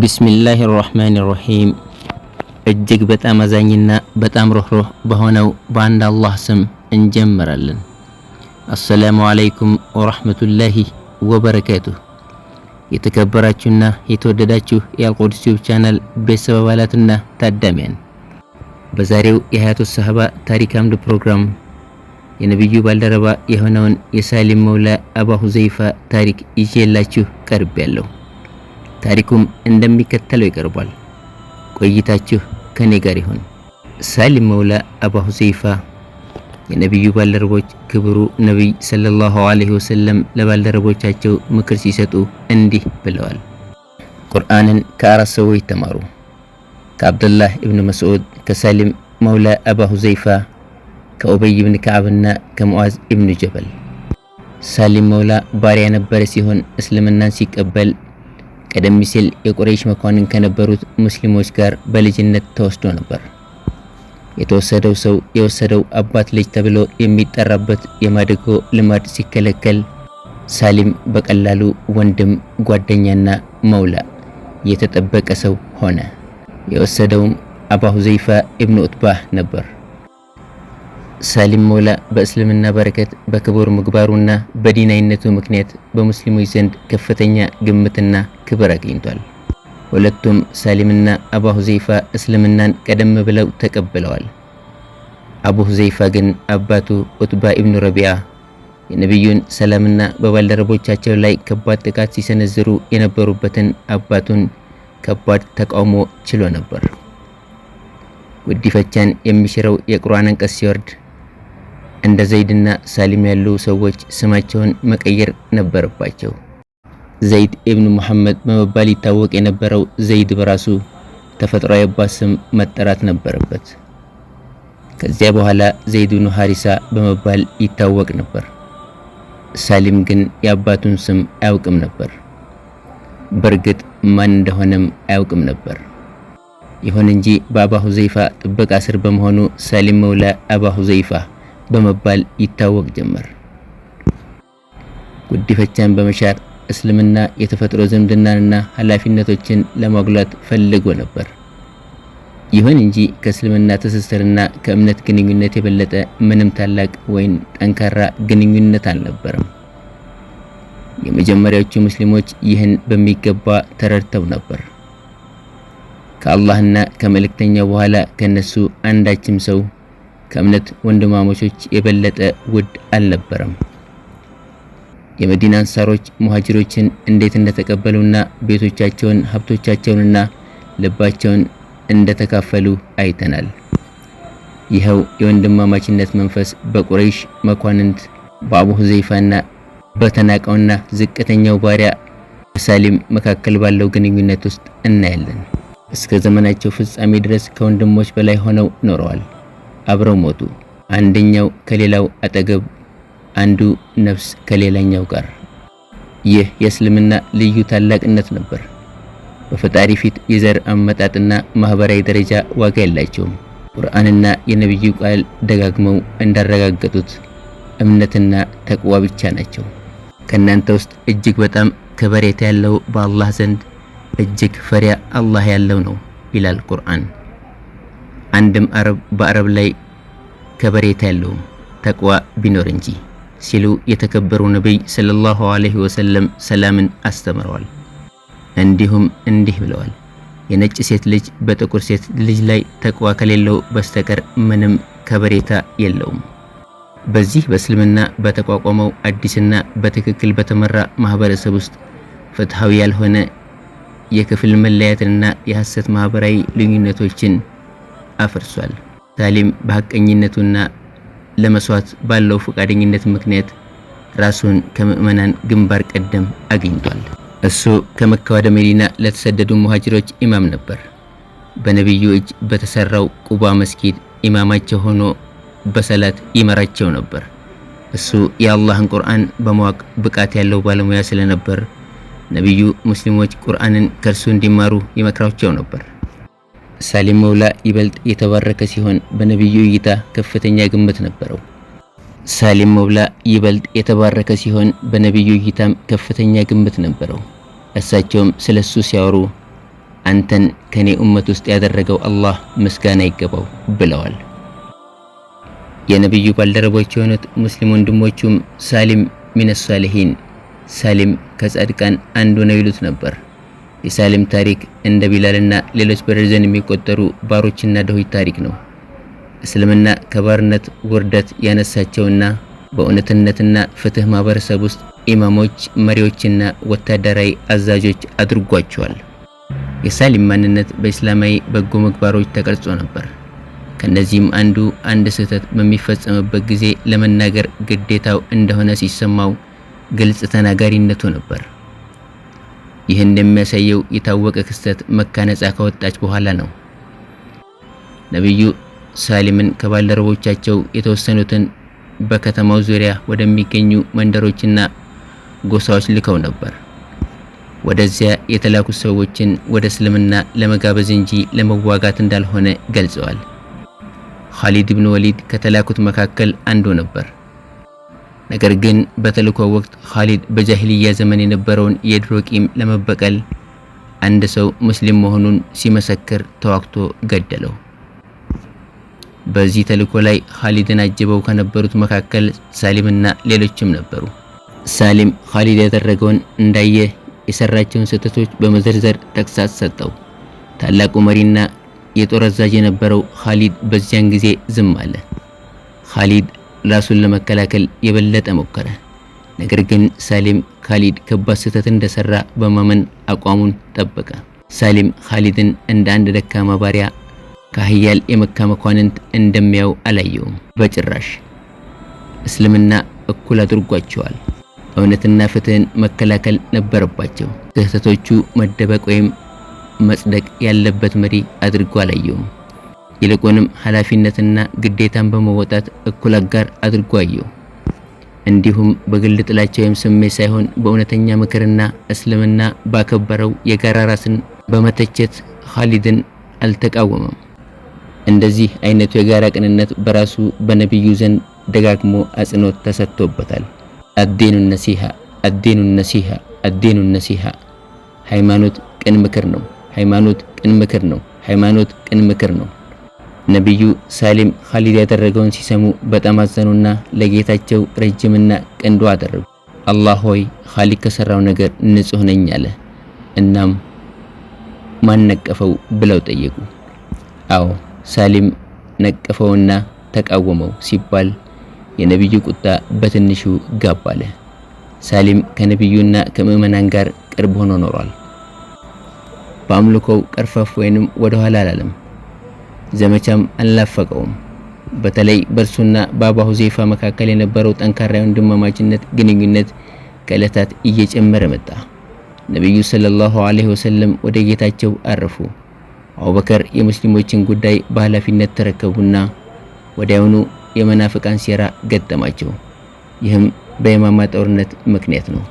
ቢስሚላህ ራህማን ራሂም እጅግ በጣም አዛኝና በጣም ሩህሩህ በሆነው በአንድ አላህ ስም እንጀምራለን። አሰላሙ አለይኩም ወራህመቱላሂ ወበረካቱሁ። የተከበራችሁና የተወደዳችሁ የአልቆድስ ዩቲዩብ ቻናል ቤተሰብ አባላትና ታዳሚያን በዛሬው የሀያቱ ሰሃባ ታሪክ አምድ ፕሮግራም የነቢዩ ባልደረባ የሆነውን የሳሊም መውላ አባ ሁዘይፋ ታሪክ ይዤላችሁ ቀርቤያለሁ። ታሪኩም እንደሚከተለው ይቀርቧል። ቆይታችሁ ከኔ ጋር ይሁን። ሳሊም መውላ አባ ሁዘይፋ የነቢዩ ባልደረቦች ክብሩ ነቢይ ሰለላሁ ዐለይሂ ወሰለም ለባልደረቦቻቸው ምክር ሲሰጡ እንዲህ ብለዋል። ቁርአንን ከአራት ሰዎች ተማሩ። ከአብዱላህ ኢብኑ መስዑድ፣ ከሳሊም መውላ አባ ሁዘይፋ፣ ከኡበይ እብን ከዓብና ከሙዓዝ እብን ጀበል። ሳሊም መውላ ባሪያ ነበረ ሲሆን እስልምናን ሲቀበል ቀደም ሲል የቁረይሽ መኳንን ከነበሩት ሙስሊሞች ጋር በልጅነት ተወስዶ ነበር። የተወሰደው ሰው የወሰደው አባት ልጅ ተብሎ የሚጠራበት የማደጎ ልማድ ሲከለከል ሳሊም በቀላሉ ወንድም፣ ጓደኛና መውላ የተጠበቀ ሰው ሆነ። የወሰደውም አባ ሁዘይፋ ኢብኑ ኡትባህ ነበር። ሳሊም ሞላ በእስልምና በረከት በክቡር ምግባሩና በዲናይነቱ ምክንያት በሙስሊሞች ዘንድ ከፍተኛ ግምትና ክብር አግኝቷል። ሁለቱም ሳሊምና አባ ሁዘይፋ እስልምናን ቀደም ብለው ተቀብለዋል። አቡ ሁዘይፋ ግን አባቱ ዑትባ ኢብኑ ረቢዓ የነቢዩን ሰላምና በባልደረቦቻቸው ላይ ከባድ ጥቃት ሲሰነዝሩ የነበሩበትን አባቱን ከባድ ተቃውሞ ችሎ ነበር። ጉዲፈቻን የሚሽረው የቁርአን አንቀጽ ሲወርድ እንደ ዘይድና ሳሊም ያሉ ሰዎች ስማቸውን መቀየር ነበረባቸው። ዘይድ ኢብኑ ሙሐመድ በመባል ይታወቅ የነበረው ዘይድ በራሱ ተፈጥሮ የአባት ስም መጠራት ነበረበት። ከዚያ በኋላ ዘይድ ኢብኑ ሐሪሳ በመባል ይታወቅ ነበር። ሳሊም ግን የአባቱን ስም አያውቅም ነበር። በእርግጥ ማን እንደሆነም አያውቅም ነበር። ይሁን እንጂ በአባ ሁዘይፋ ጥበቃ ስር በመሆኑ ሳሊም መውላ አባ ሁዘይፋ በመባል ይታወቅ ጀመር። ጉዲፈቻን በመሻር እስልምና የተፈጥሮ ዝምድናንና ኃላፊነቶችን ለማጉላት ፈልጎ ነበር። ይሁን እንጂ ከእስልምና ትስስርና ከእምነት ግንኙነት የበለጠ ምንም ታላቅ ወይም ጠንካራ ግንኙነት አልነበረም። የመጀመሪያዎቹ ሙስሊሞች ይህን በሚገባ ተረድተው ነበር። ከአላህና ከመልእክተኛው በኋላ ከነሱ አንዳችም ሰው ከእምነት ወንድማሞቾች የበለጠ ውድ አልነበረም። የመዲና አንሳሮች ሙሃጅሮችን እንዴት እንደተቀበሉና ቤቶቻቸውን፣ ሀብቶቻቸውንና ልባቸውን እንደተካፈሉ አይተናል። ይኸው የወንድማማችነት መንፈስ በቁረይሽ መኳንንት በአቡ ሁዘይፋና በተናቀውና ዝቅተኛው ባሪያ በሳሊም መካከል ባለው ግንኙነት ውስጥ እናያለን። እስከ ዘመናቸው ፍጻሜ ድረስ ከወንድሞች በላይ ሆነው ኖረዋል። አብረው ሞቱ። አንደኛው ከሌላው አጠገብ፣ አንዱ ነፍስ ከሌላኛው ጋር። ይህ የእስልምና ልዩ ታላቅነት ነበር። በፈጣሪ ፊት የዘር አመጣጥና ማህበራዊ ደረጃ ዋጋ የላቸውም። ቁርአንና የነቢዩ ቃል ደጋግመው እንዳረጋገጡት እምነትና ተቅዋ ብቻ ናቸው። ከእናንተ ውስጥ እጅግ በጣም ከበሬታ ያለው በአላህ ዘንድ እጅግ ፈሪያ አላህ ያለው ነው ይላል ቁርአን። አንድም አረብ በአረብ ላይ ከበሬታ ያለው ተቅዋ ቢኖር እንጂ ሲሉ የተከበሩ ነቢይ ሰለላሁ ዐለይሂ ወሰለም ሰላምን አስተምረዋል። እንዲሁም እንዲህ ብለዋል፣ የነጭ ሴት ልጅ በጥቁር ሴት ልጅ ላይ ተቅዋ ከሌለው በስተቀር ምንም ከበሬታ የለውም። በዚህ በእስልምና በተቋቋመው አዲስና በትክክል በተመራ ማህበረሰብ ውስጥ ፍትሃዊ ያልሆነ የክፍል መለያትንና የሐሰት ማህበራዊ ልዩነቶችን አፍርሷል። ሳሊም በሐቀኝነቱና ለመስዋዕት ባለው ፈቃደኝነት ምክንያት ራሱን ከምዕመናን ግንባር ቀደም አግኝቷል። እሱ ከመካ ወደ መዲና ለተሰደዱ ሙሃጅሮች ኢማም ነበር። በነቢዩ እጅ በተሰራው ቁባ መስጊድ ኢማማቸው ሆኖ በሰላት ይመራቸው ነበር። እሱ የአላህን ቁርአን በማወቅ ብቃት ያለው ባለሙያ ስለነበር ነቢዩ ሙስሊሞች ቁርአንን ከእርሱ እንዲማሩ ይመክራቸው ነበር። ሳሊም መውላ ይበልጥ የተባረከ ሲሆን በነቢዩ እይታ ከፍተኛ ግምት ነበረው። ሳሊም መውላ ይበልጥ የተባረከ ሲሆን በነቢዩ እይታም ከፍተኛ ግምት ነበረው። እሳቸውም ስለ እሱ ሲያወሩ አንተን ከኔ ኡመት ውስጥ ያደረገው አላህ ምስጋና ይገባው ብለዋል። የነቢዩ ባልደረቦች የሆኑት ሙስሊም ወንድሞቹም ሳሊም ሚነ ሳሊሒን፣ ሳሊም ከጻድቃን አንዱ ነው ይሉት ነበር። የሳሌም ታሪክ እንደ ቢላልና ሌሎች በደርዘን የሚቆጠሩ ባሮችና ድሆች ታሪክ ነው። እስልምና ከባርነት ውርደት ያነሳቸውና በእውነትነትና ፍትህ ማህበረሰብ ውስጥ ኢማሞች፣ መሪዎችና ወታደራዊ አዛዦች አድርጓቸዋል። የሳሊም ማንነት በእስላማዊ በጎ ምግባሮች ተቀርጾ ነበር። ከነዚህም አንዱ አንድ ስህተት በሚፈጸምበት ጊዜ ለመናገር ግዴታው እንደሆነ ሲሰማው ግልጽ ተናጋሪነቱ ነበር። ይህ እንደሚያሳየው የታወቀ ክስተት መካ ነጻ ከወጣች በኋላ ነው። ነቢዩ ሳሊምን ከባልደረቦቻቸው የተወሰኑትን በከተማው ዙሪያ ወደሚገኙ መንደሮችና ጎሳዎች ልከው ነበር። ወደዚያ የተላኩት ሰዎችን ወደ እስልምና ለመጋበዝ እንጂ ለመዋጋት እንዳልሆነ ገልጸዋል። ኻሊድ ብን ወሊድ ከተላኩት መካከል አንዱ ነበር። ነገር ግን በተልእኮ ወቅት ኻሊድ በጃሂልያ ዘመን የነበረውን የድሮ ቂም ለመበቀል አንድ ሰው ሙስሊም መሆኑን ሲመሰክር ተዋግቶ ገደለው። በዚህ ተልእኮ ላይ ኻሊድን አጅበው ከነበሩት መካከል ሳሊምና ሌሎችም ነበሩ። ሳሊም ኻሊድ ያደረገውን እንዳየ የሰራቸውን ስህተቶች በመዘርዘር ተግሳጽ ሰጠው። ታላቁ መሪና የጦር አዛዥ የነበረው ኻሊድ በዚያን ጊዜ ዝም አለ። ኻሊድ ራሱን ለመከላከል የበለጠ ሞከረ። ነገር ግን ሳሊም ካሊድ ከባድ ስህተት እንደሰራ በማመን አቋሙን ጠበቀ። ሳሊም ካሊድን እንደ አንድ ደካማ ባሪያ ከሀያል የመካ መኳንንት እንደሚያው አላየውም። በጭራሽ እስልምና እኩል አድርጓቸዋል። እውነትና ፍትህን መከላከል ነበረባቸው። ስህተቶቹ መደበቅ ወይም መጽደቅ ያለበት መሪ አድርጎ አላየውም። ይልቁንም ኃላፊነትና ግዴታን በመወጣት እኩል አጋር አድርጎ አየው። እንዲሁም በግል ጥላቻ ወይም ስሜት ሳይሆን በእውነተኛ ምክርና እስልምና ባከበረው የጋራ ራስን በመተቸት ኻሊድን አልተቃወመም። እንደዚህ አይነቱ የጋራ ቅንነት በራሱ በነቢዩ ዘንድ ደጋግሞ አጽንኦት ተሰጥቶበታል። አዲኑ ነሲሃ አዲኑ ነሲሃ አዲኑ ነሲሃ፣ ሃይማኖት ቅን ምክር ነው። ሃይማኖት ቅን ምክር ነው። ሃይማኖት ቅን ምክር ነው። ነቢዩ ሳሊም ኻሊድ ያደረገውን ሲሰሙ በጣም አዘኑና ለጌታቸው ረጅምና ቀንዶ አደረጉ። አላህ ሆይ ኻሊድ ከሰራው ነገር ንጹሕ ነኝ አለ። እናም ማን ነቀፈው ብለው ጠየቁ። አዎ ሳሊም ነቀፈውና ተቃወመው ሲባል የነቢዩ ቁጣ በትንሹ ጋብ አለ። ሳሊም ከነቢዩና ከምዕመናን ጋር ቅርብ ሆኖ ኖሯል። በአምልኮው ቀርፈፍ ወይንም ወደኋላ አላለም። ዘመቻም አልላፈቀውም። በተለይ በእርሱና በአባ ሁዜፋ መካከል የነበረው ጠንካራ ወንድማማችነት ግንኙነት ከእለታት እየጨመረ መጣ። ነቢዩ ሰለላሁ ዐለይሂ ወሰለም ወደ ጌታቸው አረፉ። አቡበከር የሙስሊሞችን ጉዳይ በኃላፊነት ተረከቡና ወዲያውኑ የመናፍቃን ሴራ ገጠማቸው። ይህም በየማማ ጦርነት ምክንያት ነው።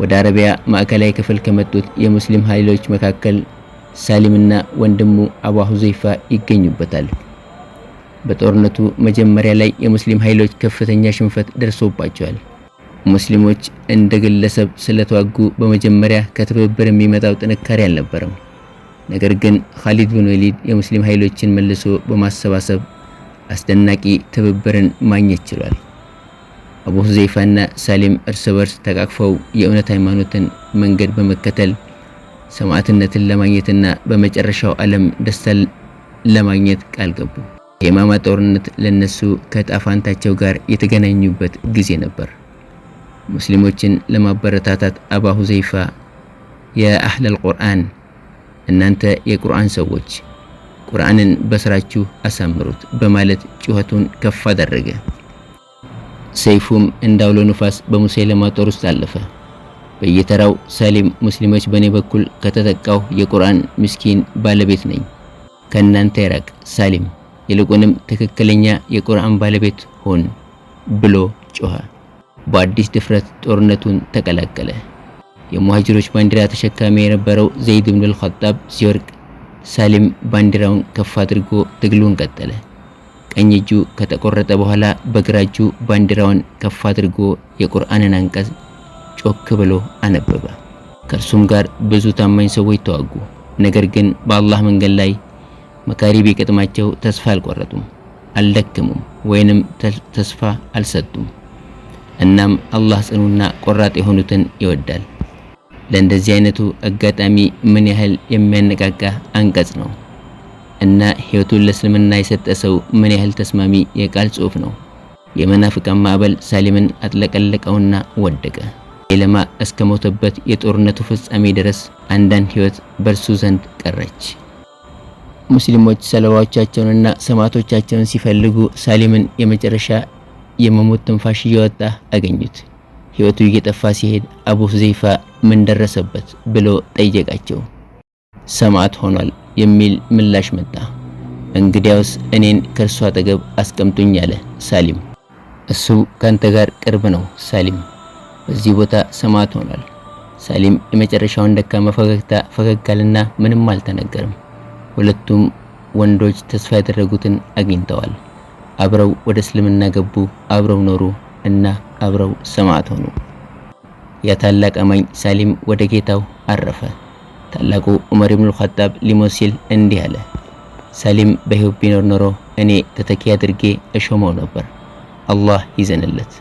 ወደ አረቢያ ማዕከላዊ ክፍል ከመጡት የሙስሊም ኃይሎች መካከል ሳሊምና ወንድሙ አቡ ሁዘይፋ ይገኙበታል። በጦርነቱ መጀመሪያ ላይ የሙስሊም ኃይሎች ከፍተኛ ሽንፈት ደርሶባቸዋል። ሙስሊሞች እንደ ግለሰብ ስለተዋጉ በመጀመሪያ ከትብብር የሚመጣው ጥንካሬ አልነበረም። ነገር ግን ኻሊድ ብን ወሊድ የሙስሊም ኃይሎችን መልሶ በማሰባሰብ አስደናቂ ትብብርን ማግኘት ችሏል። አቡ ሁዘይፋና ሳሊም እርስ በርስ ተቃቅፈው የእውነት ሃይማኖትን መንገድ በመከተል ሰማዕትነትን ለማግኘትና በመጨረሻው ዓለም ደስታን ለማግኘት ቃል ገቡ። የማማ ጦርነት ለነሱ ከጣፋንታቸው ጋር የተገናኙበት ጊዜ ነበር። ሙስሊሞችን ለማበረታታት አባ ሁዘይፋ የአህለል ቁርአን እናንተ የቁርአን ሰዎች ቁርአንን በስራችሁ አሳምሩት በማለት ጩኸቱን ከፍ አደረገ። ሰይፉም እንዳውሎ ንፋስ በሙሴለማ ጦር ውስጥ አለፈ። በየተራው ሰሊም ሙስሊሞች በእኔ በኩል ከተጠቃው የቁርአን ምስኪን ባለቤት ነኝ። ከእናንተ ይራቅ ሳሊም ይልቁንም ትክክለኛ የቁርአን ባለቤት ሆን ብሎ ጮኸ። በአዲስ ድፍረት ጦርነቱን ተቀላቀለ። የሙሃጅሮች ባንዲራ ተሸካሚ የነበረው ዘይድ ብን አልኸጣብ ሲወርቅ ሰሊም ባንዲራውን ከፍ አድርጎ ትግሉን ቀጠለ። ቀኝ እጁ ከተቆረጠ በኋላ በግራ እጁ ባንዲራውን ከፍ አድርጎ የቁርአንን አንቀጽ ጮክ ብሎ አነበበ። ከእርሱም ጋር ብዙ ታማኝ ሰዎች ተዋጉ። ነገር ግን በአላህ መንገድ ላይ መካሪ ቢገጥማቸው ተስፋ አልቆረጡም፣ አልደከሙም፣ ወይንም ተስፋ አልሰጡም። እናም አላህ ጽኑና ቆራጥ የሆኑትን ይወዳል። ለእንደዚህ አይነቱ አጋጣሚ ምን ያህል የሚያነቃቃ አንቀጽ ነው እና ሕይወቱን ለእስልምና የሰጠ ሰው ምን ያህል ተስማሚ የቃል ጽሑፍ ነው። የመናፍቃን ማዕበል ሳሊምን አጥለቀለቀውና ወደቀ። ኤለማ እስከ ሞተበት የጦርነቱ ፍጻሜ ድረስ አንዳንድ ሕይወት በእርሱ ዘንድ ቀረች። ሙስሊሞች ሰለባዎቻቸውንና ሰማዕቶቻቸውን ሲፈልጉ ሳሊምን የመጨረሻ የመሞት ትንፋሽ እየወጣ አገኙት። ሕይወቱ እየጠፋ ሲሄድ አቡ ሁዘይፋ ምን ደረሰበት ብሎ ጠየቃቸው። ሰማዕት ሆኗል የሚል ምላሽ መጣ። እንግዲያውስ እኔን ከእርሱ አጠገብ አስቀምጡኝ አለ ሳሊም። እሱ ካንተ ጋር ቅርብ ነው ሳሊም በዚህ ቦታ ሰማዕት ሆኗል። ሳሊም የመጨረሻውን ደካማ ፈገግታ ፈገግ አለና ምንም አልተነገርም። ሁለቱም ወንዶች ተስፋ ያደረጉትን አግኝተዋል። አብረው ወደ እስልምና ገቡ፣ አብረው ኖሩ እና አብረው ሰማዕት ሆኑ። ያ ታላቅ አማኝ ሳሊም ወደ ጌታው አረፈ። ታላቁ ዑመር ኢብኑል ኸጣብ ሊሞት ሲል እንዲህ አለ፣ ሳሊም በሕይወት ቢኖር ኖሮ እኔ ተተኪ አድርጌ እሾመው ነበር። አላህ ይዘንለት።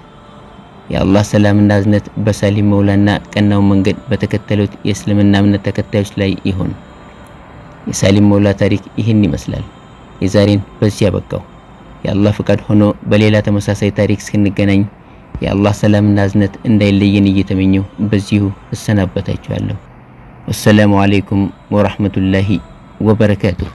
የአላህ ሰላምና እዝነት በሳሊም መውላና ቀናው መንገድ በተከተሉት የእስልምና እምነት ተከታዮች ላይ ይሁን። የሳሊም መውላ ታሪክ ይህን ይመስላል። የዛሬን በዚህ ያበቃው። የአላህ ፍቃድ ሆኖ በሌላ ተመሳሳይ ታሪክ እስክንገናኝ የአላህ ሰላምና እዝነት እንዳይለየን እየተመኘው በዚሁ እሰናበታችኋለሁ። ወሰላሙ አሌይኩም ወራህመቱላሂ ወበረካቱሁ።